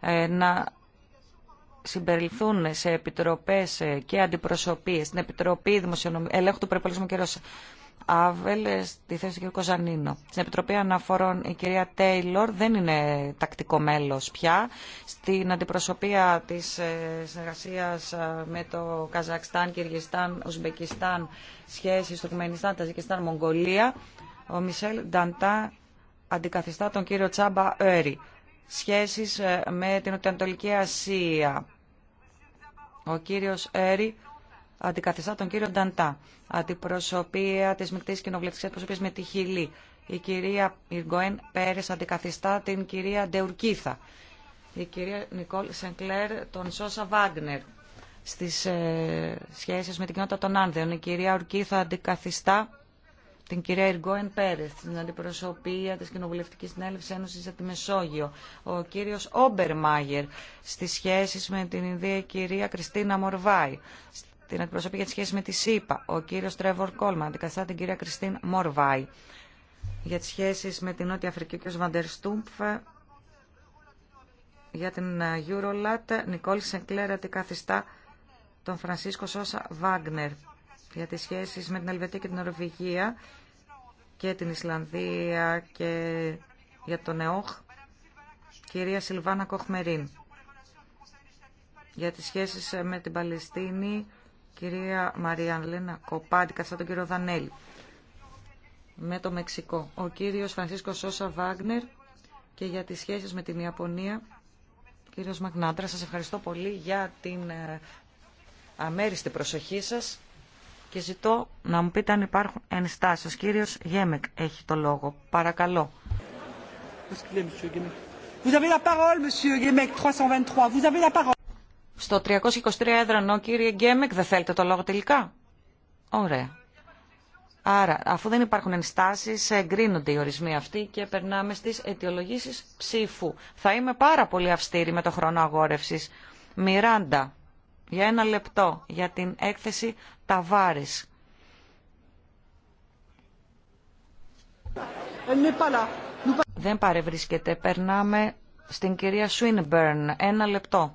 Ε, να συμπεριληφθούν σε επιτροπές ε, και αντιπροσωπείες, στην Επιτροπή Δημοσιονομικού Ελέγχου του Περιπολισμού κ. Άβελ, ε, στη θέση του κ. Κοζανίνο. Στην Επιτροπή Αναφορών η κυρία Τέιλορ δεν είναι τακτικό μέλος πια. Στην αντιπροσωπεία της συνεργασίας με το Καζακστάν, Κυργιστάν, Ουσμπεκιστάν, σχέσεις Τουρκμενιστάν, Ταζικιστάν, Μογγολία, ο Μισελ Νταντά αντικαθιστά τον κύριο Τσάμπα έρι σχέσεις ε, με την Ουτεαντολική Ασία. Ο κύριος Έρη αντικαθιστά τον κύριο Νταντά, αντιπροσωπεία της Μικτής Κοινοβουλευτικής Αντιπροσωπείας με τη Χιλή. Η κυρία Ιργκοέν Πέρες αντικαθιστά την κυρία Ντεουρκίθα. Η κυρία Νικόλ Σενκλέρ τον Σόσα Βάγνερ στις ε, σχέσεις με την κοινότητα των Άνδεων. Η κυρία Ορκίθα αντικαθιστά την κυρία Ιργόεν Πέρε, την αντιπροσωπεία τη Κοινοβουλευτική Συνέλευση Ένωση για τη Μεσόγειο, ο κύριο Όμπερ Μάγερ στι σχέσει με την Ινδία, κυρία Κριστίνα Μορβάη, την αντιπροσωπεία για τη σχέση με τη ΣΥΠΑ, ο κύριο Τρέβορ Κόλμα, αντικαθιστά την κυρία Κριστίν Μορβάη, για τι σχέσει με την Νότια Αφρική, ο κύριο Βαντερστούμπ, για την ε, Eurolat, Νικόλη Σενκλέρα, αντικαθιστά τον Φρανσίσκο Σόσα Βάγνερ για τις σχέσεις με την Ελβετία και την Νορβηγία και την Ισλανδία και για τον ΕΟΧ, κυρία Σιλβάνα Κοχμερίν. Για τις σχέσεις με την Παλαιστίνη, κυρία Μαρία Λένα Κοπάντη, καθώς τον κύριο Δανέλη. Με το Μεξικό, ο κύριος Φρανσίσκο Σόσα Βάγνερ και για τις σχέσεις με την Ιαπωνία, κύριος Μαγνάντρα. Σας ευχαριστώ πολύ για την ε, αμέριστη προσοχή σας και ζητώ να μου πείτε αν υπάρχουν ενστάσεις. Ο κύριος Γέμεκ έχει το λόγο. Παρακαλώ. Στο 323 έδρανο, κύριε Γκέμεκ, δεν θέλετε το λόγο τελικά. Ωραία. Άρα, αφού δεν υπάρχουν ενστάσεις, εγκρίνονται οι ορισμοί αυτοί και περνάμε στις αιτιολογήσεις ψήφου. Θα είμαι πάρα πολύ αυστήρη με το χρόνο αγόρευσης. Μιράντα, για ένα λεπτό, για την έκθεση δεν παρευρίσκεται. Περνάμε στην κυρία Σουίνμπερν. Ένα λεπτό.